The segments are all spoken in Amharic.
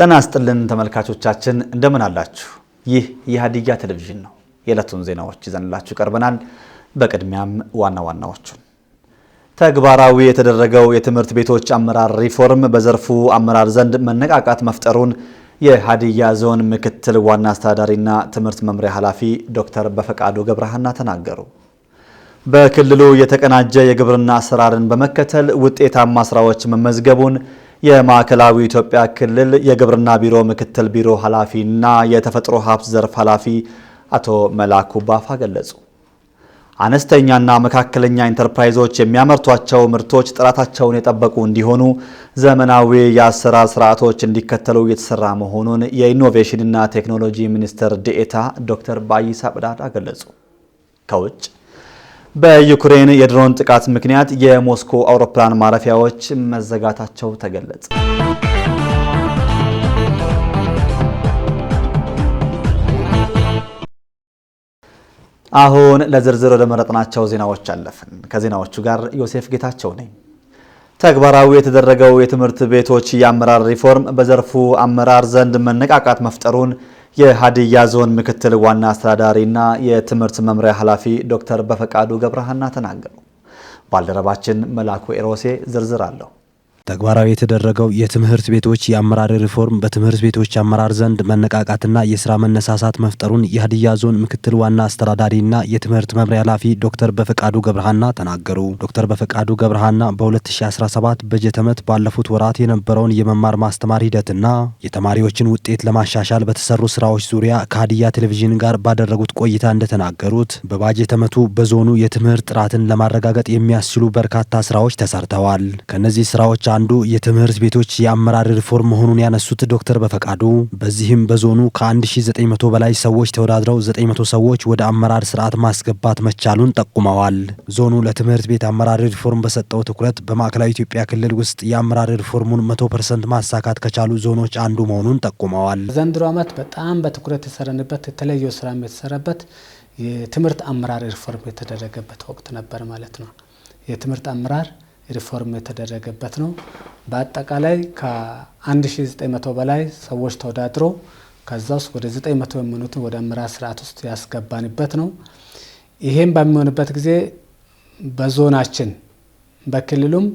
ጤና ይስጥልን ተመልካቾቻችን እንደምን አላችሁ? ይህ የሀዲያ ቴሌቪዥን ነው። የዕለቱን ዜናዎች ይዘንላችሁ ቀርበናል። በቅድሚያም ዋና ዋናዎቹን ተግባራዊ የተደረገው የትምህርት ቤቶች አመራር ሪፎርም በዘርፉ አመራር ዘንድ መነቃቃት መፍጠሩን የሀዲያ ዞን ምክትል ዋና አስተዳዳሪና ትምህርት መምሪያ ኃላፊ ዶክተር በፈቃዱ ገብረሃና ተናገሩ። በክልሉ የተቀናጀ የግብርና አሰራርን በመከተል ውጤታማ ስራዎች መመዝገቡን የማዕከላዊ ኢትዮጵያ ክልል የግብርና ቢሮ ምክትል ቢሮ ኃላፊ እና የተፈጥሮ ሀብት ዘርፍ ኃላፊ አቶ መላኩ ባፋ ገለጹ። አነስተኛና መካከለኛ ኢንተርፕራይዞች የሚያመርቷቸው ምርቶች ጥራታቸውን የጠበቁ እንዲሆኑ ዘመናዊ የአሰራር ስርዓቶች እንዲከተሉ እየተሰራ መሆኑን የኢኖቬሽንና ቴክኖሎጂ ሚኒስትር ዴኤታ ዶክተር ባይሳ ብዳዳ ገለጹ። ከውጭ በዩክሬን የድሮን ጥቃት ምክንያት የሞስኮ አውሮፕላን ማረፊያዎች መዘጋታቸው ተገለጸ። አሁን ለዝርዝር ወደ መረጥናቸው ዜናዎች አለፍን። ከዜናዎቹ ጋር ዮሴፍ ጌታቸው ነኝ። ተግባራዊ የተደረገው የትምህርት ቤቶች የአመራር ሪፎርም በዘርፉ አመራር ዘንድ መነቃቃት መፍጠሩን የሀዲያ ዞን ምክትል ዋና አስተዳዳሪና የትምህርት መምሪያ ኃላፊ ዶክተር በፈቃዱ ገብረሃና ተናገሩ። ባልደረባችን መላኩ ኤሮሴ ዝርዝር አለው። ተግባራዊ የተደረገው የትምህርት ቤቶች የአመራር ሪፎርም በትምህርት ቤቶች አመራር ዘንድ መነቃቃትና የስራ መነሳሳት መፍጠሩን የሀዲያ ዞን ምክትል ዋና አስተዳዳሪና የትምህርት መምሪያ ኃላፊ ዶክተር በፈቃዱ ገብረሃና ተናገሩ። ዶክተር በፈቃዱ ገብረሃና በ2017 በጀት ዓመት ባለፉት ወራት የነበረውን የመማር ማስተማር ሂደትና የተማሪዎችን ውጤት ለማሻሻል በተሰሩ ስራዎች ዙሪያ ከሀዲያ ቴሌቪዥን ጋር ባደረጉት ቆይታ እንደተናገሩት በባጀት ዓመቱ በዞኑ የትምህርት ጥራትን ለማረጋገጥ የሚያስችሉ በርካታ ስራዎች ተሰርተዋል። ከእነዚህ ስራዎች አንዱ የትምህርት ቤቶች የአመራር ሪፎርም መሆኑን ያነሱት ዶክተር በፈቃዱ በዚህም በዞኑ ከ1900 በላይ ሰዎች ተወዳድረው 900 ሰዎች ወደ አመራር ስርዓት ማስገባት መቻሉን ጠቁመዋል። ዞኑ ለትምህርት ቤት አመራር ሪፎርም በሰጠው ትኩረት በማዕከላዊ ኢትዮጵያ ክልል ውስጥ የአመራር ሪፎርሙን 100 ፐርሰንት ማሳካት ከቻሉ ዞኖች አንዱ መሆኑን ጠቁመዋል። ዘንድሮ ዓመት በጣም በትኩረት የተሰረንበት የተለየ ስራ የተሰራበት የትምህርት አመራር ሪፎርም የተደረገበት ወቅት ነበር ማለት ነው። የትምህርት አመራር ሪፎርም የተደረገበት ነው። በአጠቃላይ ከ1900 በላይ ሰዎች ተወዳድሮ ከዛ ውስጥ ወደ 900 የሚሆኑትን ወደ አመራር ስርዓት ውስጥ ያስገባንበት ነው። ይሄም በሚሆንበት ጊዜ በዞናችን በክልሉም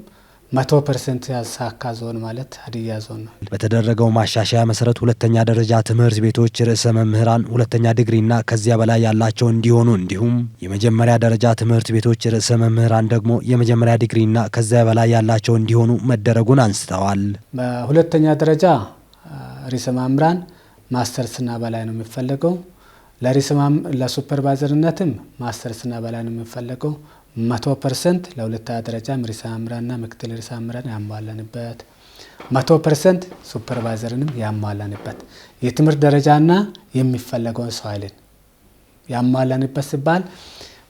መቶ ፐርሰንት ያሳካ ዞን ማለት ሀዲያ ዞን ነው። በተደረገው ማሻሻያ መሰረት ሁለተኛ ደረጃ ትምህርት ቤቶች ርዕሰ መምህራን ሁለተኛ ዲግሪና ከዚያ በላይ ያላቸው እንዲሆኑ እንዲሁም የመጀመሪያ ደረጃ ትምህርት ቤቶች ርዕሰ መምህራን ደግሞ የመጀመሪያ ዲግሪና ከዚያ በላይ ያላቸው እንዲሆኑ መደረጉን አንስተዋል። በሁለተኛ ደረጃ ርዕሰ መምህራን ማስተርስና በላይ ነው የሚፈለገው። ለሱፐርቫይዘርነትም ማስተርስና በላይ ነው የሚፈለገው። መቶ ፐርሰንት ለሁለተኛ ደረጃም ርዕሰ መምህራንና ምክትል ርዕሰ መምህራን ያሟላንበት መቶ ፐርሰንት ሱፐርቫይዘርንም ያሟላንበት የትምህርት ደረጃና የሚፈለገውን ሰው ኃይልን ያሟላንበት ሲባል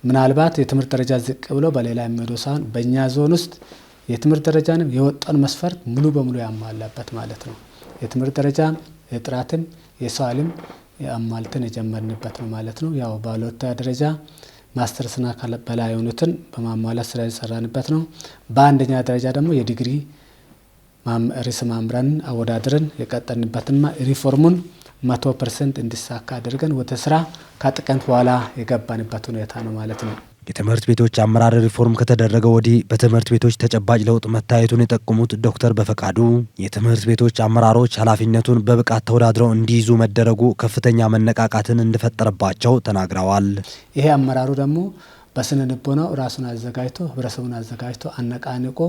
ምናልባት የትምህርት ደረጃ ዝቅ ብሎ በሌላ የሚሄዱ ሳይሆን በእኛ ዞን ውስጥ የትምህርት ደረጃንም የወጣውን መስፈርት ሙሉ በሙሉ ያሟላበት ማለት ነው። የትምህርት ደረጃ የጥራትም የሰው ኃይልም አሟልተን የጀመርንበት ነው ማለት ነው። ያው በሁለተኛ ደረጃ ማስተርስና በላይ የሆኑትን በማሟላት ስራ የሰራንበት ነው። በአንደኛ ደረጃ ደግሞ የዲግሪ ርዕሰ መምህራንን አወዳድረን የቀጠልንበትና ሪፎርሙን መቶ ፐርሰንት እንዲሳካ አድርገን ወደ ስራ ከጥቅምት በኋላ የገባንበት ሁኔታ ነው ማለት ነው። የትምህርት ቤቶች አመራር ሪፎርም ከተደረገ ወዲህ በትምህርት ቤቶች ተጨባጭ ለውጥ መታየቱን የጠቁሙት ዶክተር በፈቃዱ የትምህርት ቤቶች አመራሮች ኃላፊነቱን በብቃት ተወዳድረው እንዲይዙ መደረጉ ከፍተኛ መነቃቃትን እንደፈጠረባቸው ተናግረዋል። ይሄ አመራሩ ደግሞ በስነ ልቦናው ራሱን አዘጋጅቶ ህብረተሰቡን አዘጋጅቶ አነቃንቆ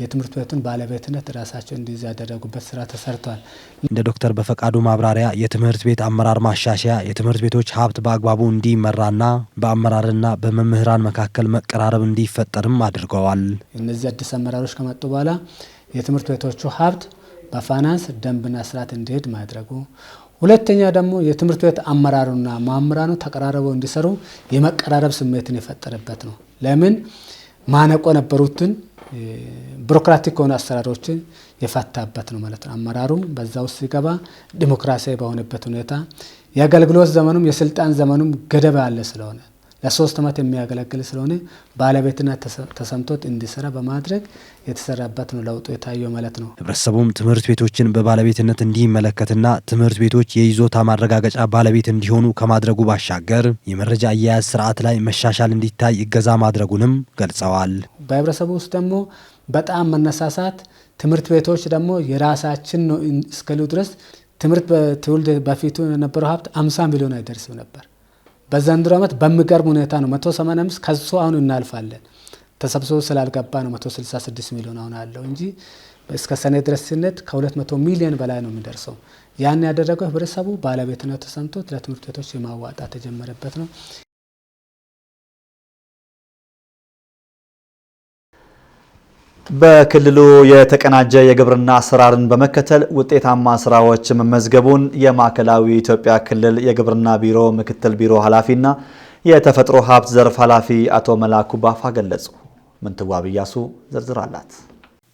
የትምህርት ቤቱን ባለቤትነት ራሳቸው እንዲይዝ ያደረጉበት ስራ ተሰርቷል። እንደ ዶክተር በፈቃዱ ማብራሪያ የትምህርት ቤት አመራር ማሻሻያ የትምህርት ቤቶች ሀብት በአግባቡ እንዲመራና በአመራርና በመምህራን መካከል መቀራረብ እንዲፈጠርም አድርገዋል። እነዚህ አዲስ አመራሮች ከመጡ በኋላ የትምህርት ቤቶቹ ሀብት በፋይናንስ ደንብና ስርዓት እንዲሄድ ማድረጉ ሁለተኛ ደግሞ የትምህርት ቤት አመራሩና መምህራኑ ተቀራርበው እንዲሰሩ የመቀራረብ ስሜትን የፈጠረበት ነው። ለምን ማነቆ ነበሩትን ቢሮክራቲክ ከሆኑ አሰራሮችን የፈታበት ነው ማለት ነው። አመራሩ በዛ ውስጥ ሲገባ ዲሞክራሲያዊ በሆነበት ሁኔታ የአገልግሎት ዘመኑም የስልጣን ዘመኑም ገደብ ያለ ስለሆነ ለሶስት አመት የሚያገለግል ስለሆነ ባለቤትነት ተሰምቶት እንዲሰራ በማድረግ የተሰራበት ነው ለውጡ የታየው ማለት ነው። ህብረተሰቡም ትምህርት ቤቶችን በባለቤትነት እንዲመለከትና ትምህርት ቤቶች የይዞታ ማረጋገጫ ባለቤት እንዲሆኑ ከማድረጉ ባሻገር የመረጃ አያያዝ ስርዓት ላይ መሻሻል እንዲታይ እገዛ ማድረጉንም ገልጸዋል። በህብረተሰቡ ውስጥ ደግሞ በጣም መነሳሳት ትምህርት ቤቶች ደግሞ የራሳችን ነው እስከሉ ድረስ ትምህርት በትውልድ በፊቱ የነበረው ሀብት አምሳ ሚሊዮን አይደርስም ነበር። በዘንድሮ ዓመት በሚገርም ሁኔታ ነው 185 ከሱ አሁን እናልፋለን። ተሰብስቦ ስላልገባ ነው 166 ሚሊዮን አሁን አለው እንጂ እስከ ሰኔ ድረስ ሲነት ከ200 ሚሊዮን በላይ ነው የሚደርሰው። ያን ያደረገው ህብረተሰቡ ባለቤትነት ተሰምቶት ለትምህርት ቤቶች የማዋጣት ተጀመረበት ነው። በክልሉ የተቀናጀ የግብርና አሰራርን በመከተል ውጤታማ ስራዎች መመዝገቡን የማዕከላዊ ኢትዮጵያ ክልል የግብርና ቢሮ ምክትል ቢሮ ኃላፊና የተፈጥሮ ሀብት ዘርፍ ኃላፊ አቶ መላኩ ባፋ ገለጹ። ምንትዋብ እያሱ ዝርዝር አላት።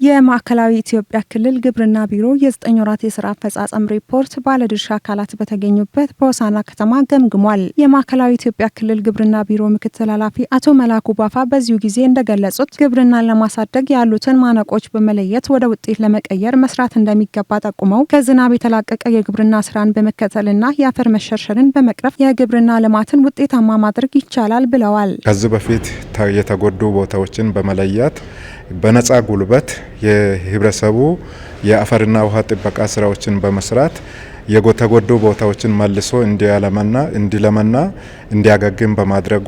የማዕከላዊ ኢትዮጵያ ክልል ግብርና ቢሮ የዘጠኝ ወራት የስራ አፈጻጸም ሪፖርት ባለድርሻ አካላት በተገኙበት በወሳና ከተማ ገምግሟል። የማዕከላዊ ኢትዮጵያ ክልል ግብርና ቢሮ ምክትል ኃላፊ አቶ መላኩ ባፋ በዚሁ ጊዜ እንደገለጹት ግብርናን ለማሳደግ ያሉትን ማነቆች በመለየት ወደ ውጤት ለመቀየር መስራት እንደሚገባ ጠቁመው ከዝናብ የተላቀቀ የግብርና ስራን በመከተልና የአፈር መሸርሸርን በመቅረፍ የግብርና ልማትን ውጤታማ ማድረግ ይቻላል ብለዋል። ከዚህ በፊት የተጎዱ ቦታዎችን በመለየት በነጻ ጉልበት የህብረተሰቡ የአፈርና ውሃ ጥበቃ ስራዎችን በመስራት የተጎዱ ቦታዎችን መልሶ እንዲያለመና እንዲለመና እንዲያገግም በማድረጉ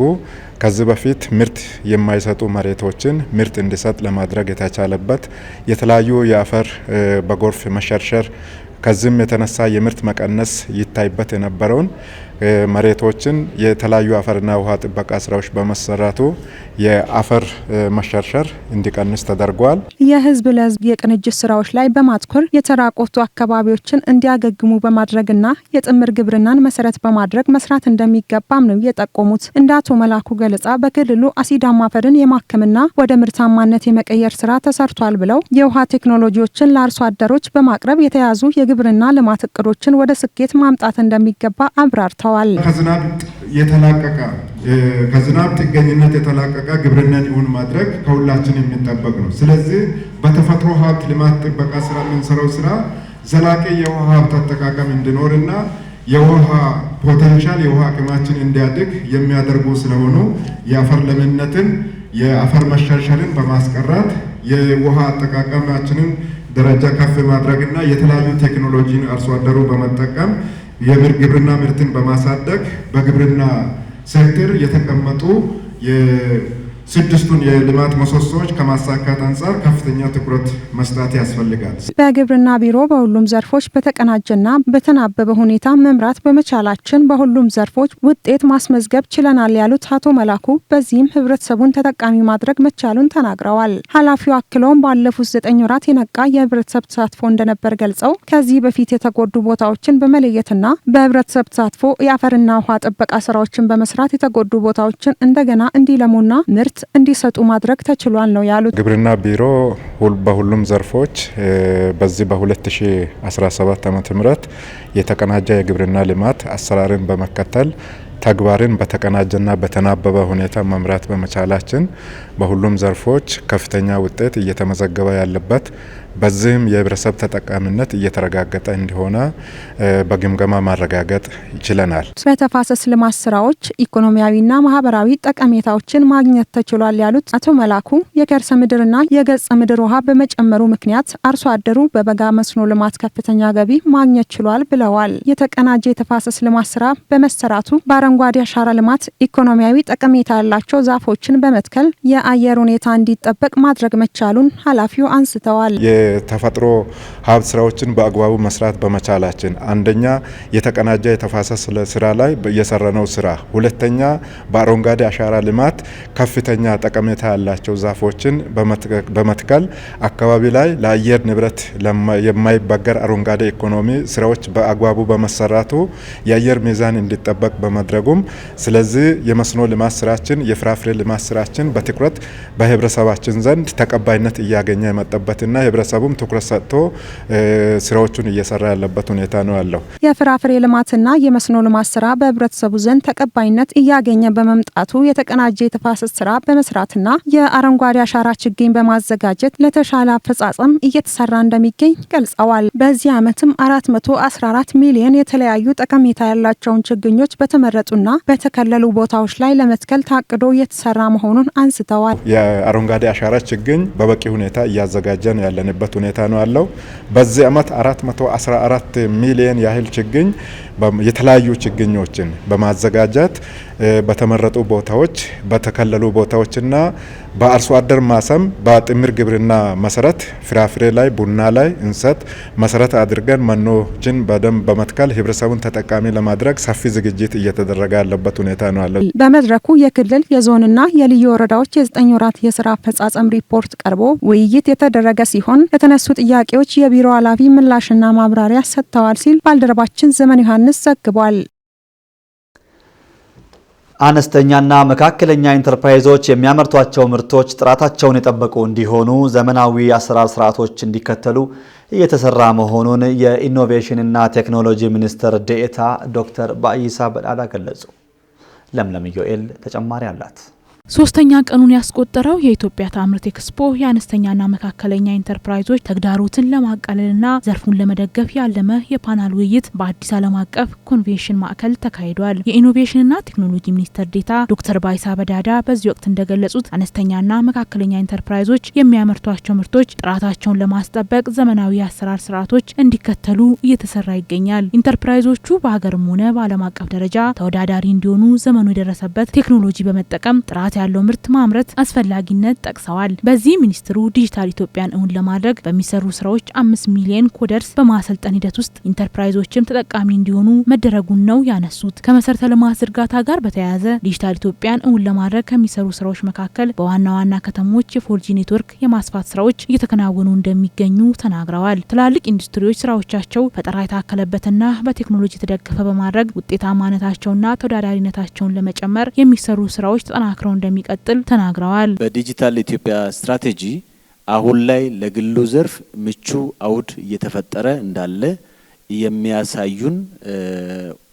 ከዚህ በፊት ምርት የማይሰጡ መሬቶችን ምርት እንዲሰጥ ለማድረግ የተቻለበት የተለያዩ የአፈር በጎርፍ መሸርሸር ከዚህም የተነሳ የምርት መቀነስ ይታይበት የነበረውን መሬቶችን የተለያዩ አፈርና ውሃ ጥበቃ ስራዎች በመሰራቱ የአፈር መሸርሸር እንዲቀንስ ተደርጓል። የህዝብ ለህዝብ የቅንጅት ስራዎች ላይ በማትኮር የተራቆቱ አካባቢዎችን እንዲያገግሙ በማድረግና የጥምር ግብርናን መሰረት በማድረግ መስራት እንደሚገባም ነው የጠቆሙት። እንደ አቶ መላኩ ገለጻ በክልሉ አሲዳማ አፈርን የማከምና ወደ ምርታማነት የመቀየር ስራ ተሰርቷል ብለው የውሃ ቴክኖሎጂዎችን ለአርሶ አደሮች በማቅረብ የተያዙ የግብ የግብርና ልማት እቅዶችን ወደ ስኬት ማምጣት እንደሚገባ አብራርተዋል። ከዝናብ የተላቀቀ ከዝናብ ጥገኝነት የተላቀቀ ግብርናን ይሁን ማድረግ ከሁላችን የሚጠበቅ ነው። ስለዚህ በተፈጥሮ ሀብት ልማት ጥበቃ ስራ የምንሰራው ስራ ዘላቂ የውሃ ሀብት አጠቃቀም እንዲኖርና የውሃ ፖቴንሻል የውሃ አቅማችን እንዲያድግ የሚያደርጉ ስለሆኑ የአፈር ለምነትን የአፈር መሻሻልን በማስቀራት የውሃ አጠቃቀማችንን ደረጃ ከፍ ማድረግና የተለያዩ ቴክኖሎጂን አርሶ አደሩ በመጠቀም የግብርና ምርትን በማሳደግ በግብርና ሴክተር የተቀመጡ ስድስቱን የልማት ምሰሶዎች ከማሳካት አንጻር ከፍተኛ ትኩረት መስጠት ያስፈልጋል። በግብርና ቢሮ በሁሉም ዘርፎች በተቀናጀና በተናበበ ሁኔታ መምራት በመቻላችን በሁሉም ዘርፎች ውጤት ማስመዝገብ ችለናል ያሉት አቶ መላኩ በዚህም ህብረተሰቡን ተጠቃሚ ማድረግ መቻሉን ተናግረዋል። ኃላፊው አክለውም ባለፉት ዘጠኝ ወራት የነቃ የህብረተሰብ ተሳትፎ እንደነበር ገልጸው ከዚህ በፊት የተጎዱ ቦታዎችን በመለየትና በህብረተሰብ ተሳትፎ የአፈርና ውሃ ጥበቃ ስራዎችን በመስራት የተጎዱ ቦታዎችን እንደገና እንዲለሙና ምርት ትምህርት እንዲሰጡ ማድረግ ተችሏል ነው ያሉት። ግብርና ቢሮ በሁሉም ዘርፎች በዚህ በ2017 ዓመተ ምህረት የተቀናጀ የግብርና ልማት አሰራርን በመከተል ተግባርን በተቀናጀና በተናበበ ሁኔታ መምራት በመቻላችን በሁሉም ዘርፎች ከፍተኛ ውጤት እየተመዘገበ ያለበት በዚህም የህብረተሰብ ተጠቃሚነት እየተረጋገጠ እንደሆነ በግምገማ ማረጋገጥ ይችለናል። በተፋሰስ ልማት ስራዎች ኢኮኖሚያዊና ማህበራዊ ጠቀሜታዎችን ማግኘት ተችሏል ያሉት አቶ መላኩ የከርሰ ምድርና የገጸ ምድር ውሃ በመጨመሩ ምክንያት አርሶ አደሩ በበጋ መስኖ ልማት ከፍተኛ ገቢ ማግኘት ችሏል ብለዋል። የተቀናጀ የተፋሰስ ልማት ስራ በመሰራቱ በአረንጓዴ አሻራ ልማት ኢኮኖሚያዊ ጠቀሜታ ያላቸው ዛፎችን በመትከል የአየር ሁኔታ እንዲጠበቅ ማድረግ መቻሉን ኃላፊው አንስተዋል። የተፈጥሮ ሀብት ስራዎችን በአግባቡ መስራት በመቻላችን አንደኛ የተቀናጀ የተፋሰስ ስራ ላይ የሰራነው ስራ፣ ሁለተኛ በአረንጓዴ አሻራ ልማት ከፍተኛ ጠቀሜታ ያላቸው ዛፎችን በመትከል አካባቢ ላይ ለአየር ንብረት የማይበገር አረንጓዴ ኢኮኖሚ ስራዎች በአግባቡ በመሰራቱ የአየር ሚዛን እንዲጠበቅ በመድረጉም ስለዚህ የመስኖ ልማት ስራችን የፍራፍሬ ልማት ስራችን በትኩረት በህብረተሰባችን ዘንድ ተቀባይነት እያገኘ የመጠበትና ማህበረሰቡም ትኩረት ሰጥቶ ስራዎቹን እየሰራ ያለበት ሁኔታ ነው ያለው። የፍራፍሬ ልማትና የመስኖ ልማት ስራ በህብረተሰቡ ዘንድ ተቀባይነት እያገኘ በመምጣቱ የተቀናጀ የተፋሰስ ስራ በመስራትና የአረንጓዴ አሻራ ችግኝ በማዘጋጀት ለተሻለ አፈጻጸም እየተሰራ እንደሚገኝ ገልጸዋል። በዚህ ዓመትም 414 ሚሊዮን የተለያዩ ጠቀሜታ ያላቸውን ችግኞች በተመረጡና በተከለሉ ቦታዎች ላይ ለመትከል ታቅዶ እየተሰራ መሆኑን አንስተዋል። የአረንጓዴ አሻራ ችግኝ በበቂ ሁኔታ እያዘጋጀን ያለንበት ያለበት ሁኔታ ነው ያለው። በዚህ አመት 414 ሚሊየን ያህል ችግኝ የተለያዩ ችግኞችን በማዘጋጀት በተመረጡ ቦታዎች በተከለሉ ቦታዎችና በአርሶ አደር ማሰም በጥምር ግብርና መሰረት ፍራፍሬ ላይ፣ ቡና ላይ እንሰት መሰረት አድርገን መኖችን በደንብ በመትከል ህብረተሰቡን ተጠቃሚ ለማድረግ ሰፊ ዝግጅት እየተደረገ ያለበት ሁኔታ ነው ያለው። በመድረኩ የክልል የዞንና የልዩ ወረዳዎች የዘጠኝ ወራት የስራ አፈጻጸም ሪፖርት ቀርቦ ውይይት የተደረገ ሲሆን ለተነሱ ጥያቄዎች የቢሮ ኃላፊ ምላሽና ማብራሪያ ሰጥተዋል ሲል ባልደረባችን ዘመን ዮሐንስ ዘግቧል። አነስተኛና መካከለኛ ኢንተርፕራይዞች የሚያመርቷቸው ምርቶች ጥራታቸውን የጠበቁ እንዲሆኑ ዘመናዊ አሰራር ስርዓቶች እንዲከተሉ እየተሰራ መሆኑን የኢኖቬሽንና ቴክኖሎጂ ሚኒስትር ዴኤታ ዶክተር ባይሳ በዳዳ ገለጹ። ለምለም ዮኤል ተጨማሪ አላት። ሶስተኛ ቀኑን ያስቆጠረው የኢትዮጵያ ታምርት ኤክስፖ የአነስተኛና መካከለኛ ኢንተርፕራይዞች ተግዳሮትን ለማቃለልና ዘርፉን ለመደገፍ ያለመ የፓናል ውይይት በአዲስ ዓለም አቀፍ ኮንቬንሽን ማዕከል ተካሂዷል። የኢኖቬሽንና ቴክኖሎጂ ሚኒስትር ዴታ ዶክተር ባይሳ በዳዳ በዚህ ወቅት እንደገለጹት አነስተኛና መካከለኛ ኢንተርፕራይዞች የሚያመርቷቸው ምርቶች ጥራታቸውን ለማስጠበቅ ዘመናዊ የአሰራር ስርዓቶች እንዲከተሉ እየተሰራ ይገኛል። ኢንተርፕራይዞቹ በሀገርም ሆነ በዓለም አቀፍ ደረጃ ተወዳዳሪ እንዲሆኑ ዘመኑ የደረሰበት ቴክኖሎጂ በመጠቀም ጥራት ያለው ምርት ማምረት አስፈላጊነት ጠቅሰዋል። በዚህ ሚኒስትሩ ዲጂታል ኢትዮጵያን እውን ለማድረግ በሚሰሩ ስራዎች አምስት ሚሊዮን ኮደርስ በማሰልጠን ሂደት ውስጥ ኢንተርፕራይዞችም ተጠቃሚ እንዲሆኑ መደረጉን ነው ያነሱት። ከመሰረተ ልማት ዝርጋታ ጋር በተያያዘ ዲጂታል ኢትዮጵያን እውን ለማድረግ ከሚሰሩ ስራዎች መካከል በዋና ዋና ከተሞች የፎርጂ ኔትወርክ የማስፋት ስራዎች እየተከናወኑ እንደሚገኙ ተናግረዋል። ትላልቅ ኢንዱስትሪዎች ስራዎቻቸው ፈጠራ የታከለበትና በቴክኖሎጂ የተደገፈ በማድረግ ውጤታማነታቸውና ተወዳዳሪነታቸውን ለመጨመር የሚሰሩ ስራዎች ተጠናክረው እንደሚቀጥል ተናግረዋል። በዲጂታል ኢትዮጵያ ስትራቴጂ አሁን ላይ ለግሉ ዘርፍ ምቹ አውድ እየተፈጠረ እንዳለ የሚያሳዩን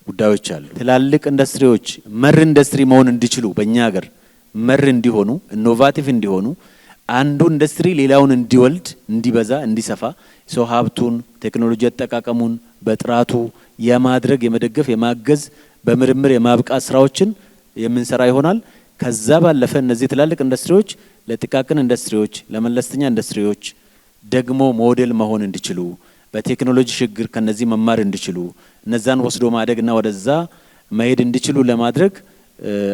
ጉዳዮች አሉ። ትላልቅ ኢንዱስትሪዎች መር ኢንዱስትሪ መሆን እንዲችሉ በእኛ ሀገር መር እንዲሆኑ ኢኖቫቲቭ እንዲሆኑ አንዱ ኢንዱስትሪ ሌላውን እንዲወልድ፣ እንዲበዛ፣ እንዲሰፋ ሰው ሀብቱን፣ ቴክኖሎጂ አጠቃቀሙን በጥራቱ የማድረግ የመደገፍ፣ የማገዝ በምርምር የማብቃት ስራዎችን የምንሰራ ይሆናል። ከዛ ባለፈ እነዚህ ትላልቅ ኢንዱስትሪዎች ለጥቃቅን ኢንዱስትሪዎች፣ ለመለስተኛ ኢንዱስትሪዎች ደግሞ ሞዴል መሆን እንዲችሉ በቴክኖሎጂ ሽግግር ከነዚህ መማር እንዲችሉ እነዛን ወስዶ ማደግና ወደዛ መሄድ እንዲችሉ ለማድረግ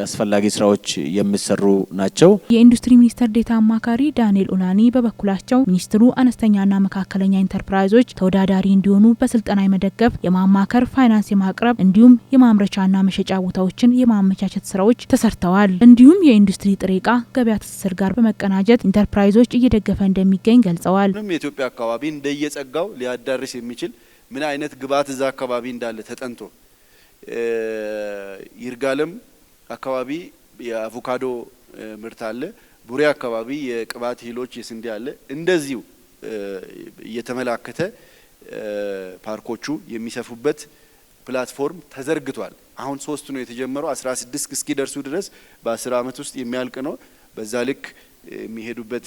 አስፈላጊ ስራዎች የሚሰሩ ናቸው። የኢንዱስትሪ ሚኒስቴር ዴታ አማካሪ ዳንኤል ኦላኒ በበኩላቸው ሚኒስትሩ አነስተኛና መካከለኛ ኢንተርፕራይዞች ተወዳዳሪ እንዲሆኑ በስልጠና የመደገፍ የማማከር፣ ፋይናንስ የማቅረብ እንዲሁም የማምረቻና መሸጫ ቦታዎችን የማመቻቸት ስራዎች ተሰርተዋል። እንዲሁም የኢንዱስትሪ ጥሬ እቃ ገበያ ትስስር ጋር በመቀናጀት ኢንተርፕራይዞች እየደገፈ እንደሚገኝ ገልጸዋል። የኢትዮጵያ አካባቢ እንደየጸጋው ሊያዳርስ የሚችል ምን አይነት ግብዓት እዛ አካባቢ እንዳለ ተጠንቶ ይርጋለም አካባቢ የአቮካዶ ምርት አለ። ቡሬ አካባቢ የቅባት እህሎች የስንዴ አለ። እንደዚሁ እየተመላከተ ፓርኮቹ የሚሰፉበት ፕላትፎርም ተዘርግቷል። አሁን ሶስት ነው የተጀመረው። አስራ ስድስት እስኪደርሱ ድረስ በአስር አመት ውስጥ የሚያልቅ ነው። በዛ ልክ የሚሄዱበት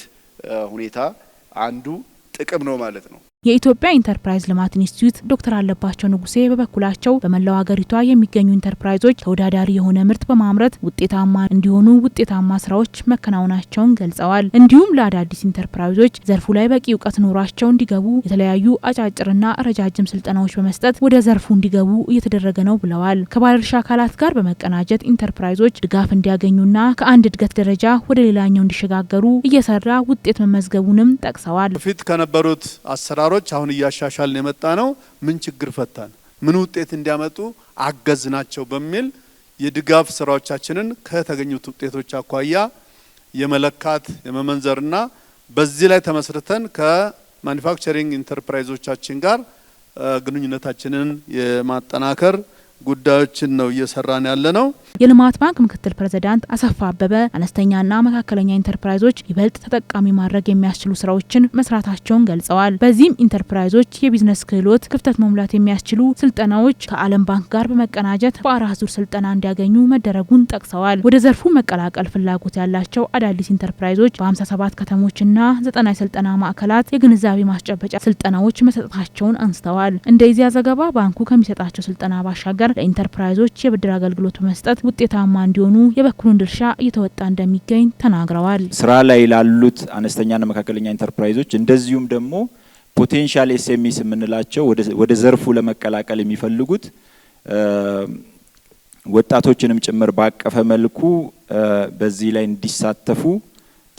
ሁኔታ አንዱ ጥቅም ነው ማለት ነው። የኢትዮጵያ ኢንተርፕራይዝ ልማት ኢንስቲትዩት ዶክተር አለባቸው ንጉሴ በበኩላቸው በመላው ሀገሪቷ የሚገኙ ኢንተርፕራይዞች ተወዳዳሪ የሆነ ምርት በማምረት ውጤታማ እንዲሆኑ ውጤታማ ስራዎች መከናወናቸውን ገልጸዋል። እንዲሁም ለአዳዲስ ኢንተርፕራይዞች ዘርፉ ላይ በቂ እውቀት ኖሯቸው እንዲገቡ የተለያዩ አጫጭርና ረጃጅም ስልጠናዎች በመስጠት ወደ ዘርፉ እንዲገቡ እየተደረገ ነው ብለዋል። ከባለድርሻ አካላት ጋር በመቀናጀት ኢንተርፕራይዞች ድጋፍ እንዲያገኙና ከአንድ እድገት ደረጃ ወደ ሌላኛው እንዲሸጋገሩ እየሰራ ውጤት መመዝገቡንም ጠቅሰዋል። ፊት ከነበሩት አሰራሩ ተግባሮች አሁን እያሻሻልን የመጣ ነው። ምን ችግር ፈታን፣ ምን ውጤት እንዲያመጡ አገዝ ናቸው በሚል የድጋፍ ስራዎቻችንን ከተገኙት ውጤቶች አኳያ የመለካት የመመንዘርና በዚህ ላይ ተመስርተን ከማኒፋክቸሪንግ ኢንተርፕራይዞቻችን ጋር ግንኙነታችንን የማጠናከር ጉዳዮችን ነው እየሰራን ያለ ነው። የልማት ባንክ ምክትል ፕሬዚዳንት አሰፋ አበበ አነስተኛና መካከለኛ ኢንተርፕራይዞች ይበልጥ ተጠቃሚ ማድረግ የሚያስችሉ ስራዎችን መስራታቸውን ገልጸዋል። በዚህም ኢንተርፕራይዞች የቢዝነስ ክህሎት ክፍተት መሙላት የሚያስችሉ ስልጠናዎች ከዓለም ባንክ ጋር በመቀናጀት በአራት ዙር ስልጠና እንዲያገኙ መደረጉን ጠቅሰዋል። ወደ ዘርፉ መቀላቀል ፍላጎት ያላቸው አዳዲስ ኢንተርፕራይዞች በ57 ከተሞችና ዘጠና የስልጠና ማዕከላት የግንዛቤ ማስጨበጫ ስልጠናዎች መሰጠታቸውን አንስተዋል። እንደዚያ ዘገባ ባንኩ ከሚሰጣቸው ስልጠና ባሻገር ለኢንተርፕራይዞች የብድር አገልግሎት በመስጠት ውጤታማ እንዲሆኑ የበኩሉን ድርሻ እየተወጣ እንደሚገኝ ተናግረዋል። ስራ ላይ ላሉት አነስተኛና መካከለኛ ኢንተርፕራይዞች እንደዚሁም ደግሞ ፖቴንሻል ኤስኤምኢስ የምንላቸው ወደ ዘርፉ ለመቀላቀል የሚፈልጉት ወጣቶችንም ጭምር ባቀፈ መልኩ በዚህ ላይ እንዲሳተፉ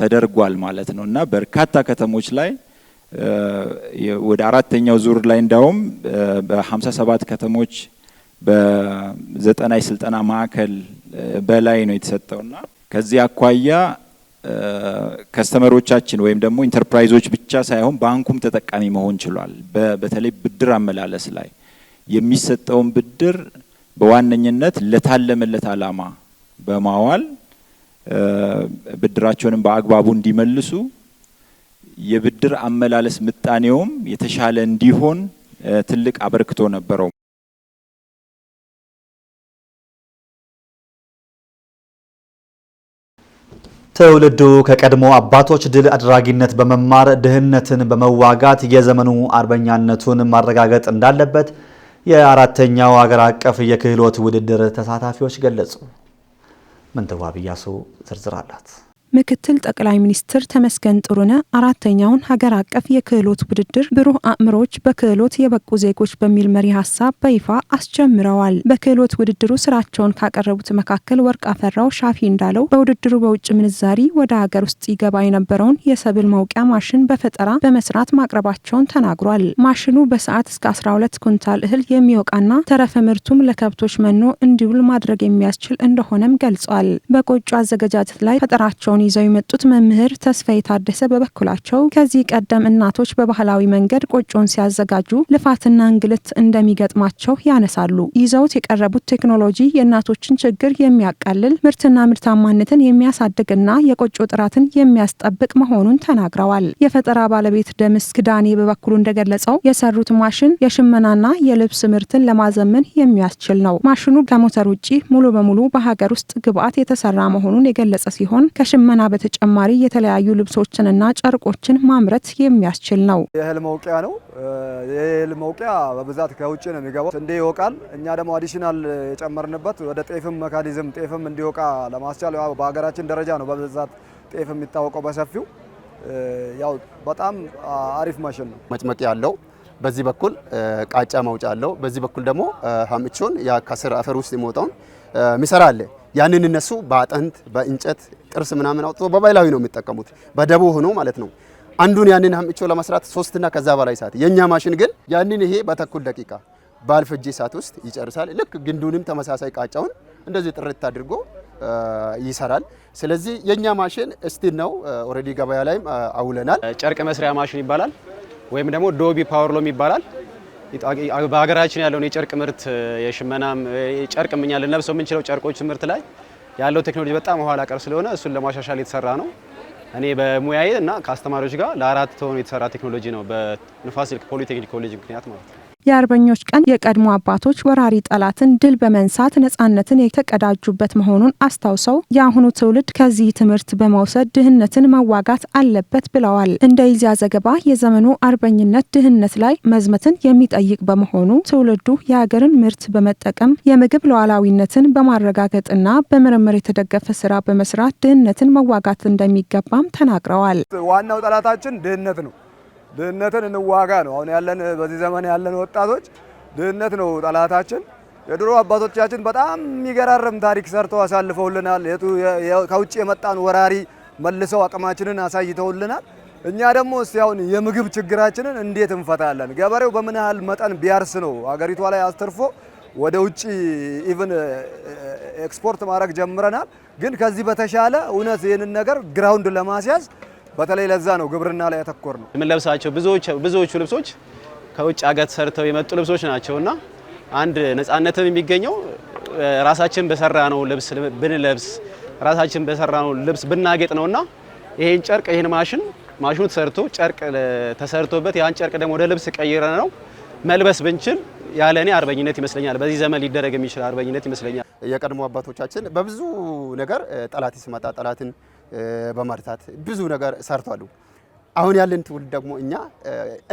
ተደርጓል ማለት ነው እና በርካታ ከተሞች ላይ ወደ አራተኛው ዙር ላይ እንዳውም በ57 ከተሞች በዘጠና የስልጠና ማዕከል በላይ ነው የተሰጠውና ከዚህ አኳያ ከስተመሮቻችን ወይም ደግሞ ኢንተርፕራይዞች ብቻ ሳይሆን ባንኩም ተጠቃሚ መሆን ችሏል። በተለይ ብድር አመላለስ ላይ የሚሰጠውን ብድር በዋነኝነት ለታለመለት ዓላማ በማዋል ብድራቸውንም በአግባቡ እንዲመልሱ የብድር አመላለስ ምጣኔውም የተሻለ እንዲሆን ትልቅ አበርክቶ ነበረው ትውልዱ ከቀድሞ አባቶች ድል አድራጊነት በመማር ድህነትን በመዋጋት የዘመኑ አርበኛነቱን ማረጋገጥ እንዳለበት የአራተኛው አገር አቀፍ የክህሎት ውድድር ተሳታፊዎች ገለጹ። ምንትዋብ እያሱ ዝርዝር አላት። ምክትል ጠቅላይ ሚኒስትር ተመስገን ጥሩነ አራተኛውን ሀገር አቀፍ የክህሎት ውድድር ብሩህ አእምሮች በክህሎት የበቁ ዜጎች በሚል መሪ ሀሳብ በይፋ አስጀምረዋል። በክህሎት ውድድሩ ስራቸውን ካቀረቡት መካከል ወርቅ አፈራው ሻፊ እንዳለው በውድድሩ በውጭ ምንዛሪ ወደ ሀገር ውስጥ ይገባ የነበረውን የሰብል መውቂያ ማሽን በፈጠራ በመስራት ማቅረባቸውን ተናግሯል። ማሽኑ በሰዓት እስከ 12 ኩንታል እህል የሚወቃና ተረፈ ምርቱም ለከብቶች መኖ እንዲውል ማድረግ የሚያስችል እንደሆነም ገልጿል። በቆጮ አዘገጃጀት ላይ ፈጠራቸውን ስልጠናውን ይዘው የመጡት መምህር ተስፋ የታደሰ በበኩላቸው ከዚህ ቀደም እናቶች በባህላዊ መንገድ ቆጮን ሲያዘጋጁ ልፋትና እንግልት እንደሚገጥማቸው ያነሳሉ። ይዘውት የቀረቡት ቴክኖሎጂ የእናቶችን ችግር የሚያቃልል ምርትና ምርታማነትን የሚያሳድግና የቆጮ ጥራትን የሚያስጠብቅ መሆኑን ተናግረዋል። የፈጠራ ባለቤት ደምስ ክዳኔ በበኩሉ እንደገለጸው የሰሩት ማሽን የሽመናና የልብስ ምርትን ለማዘመን የሚያስችል ነው። ማሽኑ ከሞተር ውጪ ሙሉ በሙሉ በሀገር ውስጥ ግብዓት የተሰራ መሆኑን የገለጸ ሲሆን ከሽመና ከሽመና በተጨማሪ የተለያዩ ልብሶችንና ጨርቆችን ማምረት የሚያስችል ነው። የእህል መውቂያ ነው። የእህል መውቂያ በብዛት ከውጭ ነው የሚገባው። ስንዴ ይወቃል። እኛ ደግሞ አዲሽናል የጨመርንበት ወደ ጤፍም መካኒዝም ጤፍም እንዲወቃ ለማስቻል በሀገራችን ደረጃ ነው በብዛት ጤፍ የሚታወቀው በሰፊው ያው በጣም አሪፍ ማሽን ነው። መጭመቂ ያለው በዚህ በኩል ቃጫ መውጫ አለው። በዚህ በኩል ደግሞ ሀምቾን ከስር አፈር ውስጥ የሚወጣውን ሚሰራ አለ። ያንን እነሱ በአጥንት በእንጨት ጥርስ ምናምን አውጥቶ በባህላዊ ነው የሚጠቀሙት፣ በደቦ ሆኖ ማለት ነው። አንዱን ያንን ሀምቾ ለመስራት ሶስትና ከዛ በላይ ሰዓት፣ የእኛ ማሽን ግን ያንን ይሄ በተኩል ደቂቃ ባልፈጀ ሰዓት ውስጥ ይጨርሳል። ልክ ግንዱንም ተመሳሳይ ቃጫውን እንደዚህ ጥርት አድርጎ ይሰራል። ስለዚህ የእኛ ማሽን እስቲ ነው። ኦልሬዲ ገበያ ላይም አውለናል። ጨርቅ መስሪያ ማሽን ይባላል፣ ወይም ደግሞ ዶቢ ፓወርሎም ይባላል። በሀገራችን ያለውን የጨርቅ ምርት የሽመናም ጨርቅ ምኛ ልንለብሰው የምንችለው ጨርቆች ምርት ላይ ያለው ቴክኖሎጂ በጣም ኋላ ቀር ስለሆነ እሱን ለማሻሻል የተሰራ ነው። እኔ በሙያዬ እና ከአስተማሪዎች ጋር ለአራት ተሆኑ የተሰራ ቴክኖሎጂ ነው በንፋስ ስልክ ፖሊቴክኒክ ኮሌጅ ምክንያት ማለት ነው። የአርበኞች ቀን የቀድሞ አባቶች ወራሪ ጠላትን ድል በመንሳት ነጻነትን የተቀዳጁበት መሆኑን አስታውሰው የአሁኑ ትውልድ ከዚህ ትምህርት በመውሰድ ድህነትን መዋጋት አለበት ብለዋል። እንደ ኢዜአ ዘገባ የዘመኑ አርበኝነት ድህነት ላይ መዝመትን የሚጠይቅ በመሆኑ ትውልዱ የሀገርን ምርት በመጠቀም የምግብ ሉዓላዊነትን በማረጋገጥና በምርምር የተደገፈ ስራ በመስራት ድህነትን መዋጋት እንደሚገባም ተናግረዋል። ዋናው ጠላታችን ድህነት ነው። ድህነትን እንዋጋ ነው አሁን ያለን በዚህ ዘመን ያለን ወጣቶች። ድህነት ነው ጠላታችን። የድሮ አባቶቻችን በጣም የሚገራርም ታሪክ ሰርተው አሳልፈውልናል። ከውጭ የመጣን ወራሪ መልሰው አቅማችንን አሳይተውልናል። እኛ ደግሞ እስቲ አሁን የምግብ ችግራችንን እንዴት እንፈታለን? ገበሬው በምን ያህል መጠን ቢያርስ ነው አገሪቷ ላይ አስተርፎ ወደ ውጭ ኢቭን ኤክስፖርት ማድረግ ጀምረናል። ግን ከዚህ በተሻለ እውነት ይህንን ነገር ግራውንድ ለማስያዝ በተለይ ለዛ ነው ግብርና ላይ ያተኮር ነው የምንለብሳቸው። ብዙዎቹ ልብሶች ከውጭ አገር ሰርተው የመጡ ልብሶች ናቸው እና አንድ ነጻነትም የሚገኘው ራሳችን በሰራ ነው ልብስ ብንለብስ ራሳችን በሰራ ነው ልብስ ብናጌጥ ነው እና ይሄን ጨርቅ ይሄን ማሽን ማሽኑ ተሰርቶ ጨርቅ ተሰርቶበት ያን ጨርቅ ደግሞ ወደ ልብስ ቀይረ ነው መልበስ ብንችል ያለ እኔ አርበኝነት ይመስለኛል። በዚህ ዘመን ሊደረግ የሚችል አርበኝነት ይመስለኛል። የቀድሞ አባቶቻችን በብዙ ነገር ጠላት ይስመጣ ጠላትን በማርታት ብዙ ነገር ሰርቷሉ። አሁን ያለን ትውልድ ደግሞ እኛ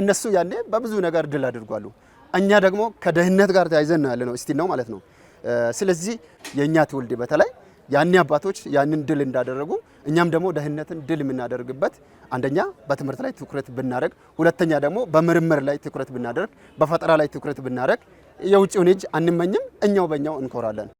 እነሱ ያኔ በብዙ ነገር ድል አድርጓሉ። እኛ ደግሞ ከደህንነት ጋር ተያይዘን ነው እስቲ ነው ማለት ነው። ስለዚህ የእኛ ትውልድ በተለይ ያኔ አባቶች ያንን ድል እንዳደረጉ እኛም ደግሞ ድህነትን ድል የምናደርግበት አንደኛ በትምህርት ላይ ትኩረት ብናደርግ፣ ሁለተኛ ደግሞ በምርምር ላይ ትኩረት ብናደርግ፣ በፈጠራ ላይ ትኩረት ብናደርግ የውጭውን እጅ አንመኝም፣ እኛው በእኛው እንኮራለን።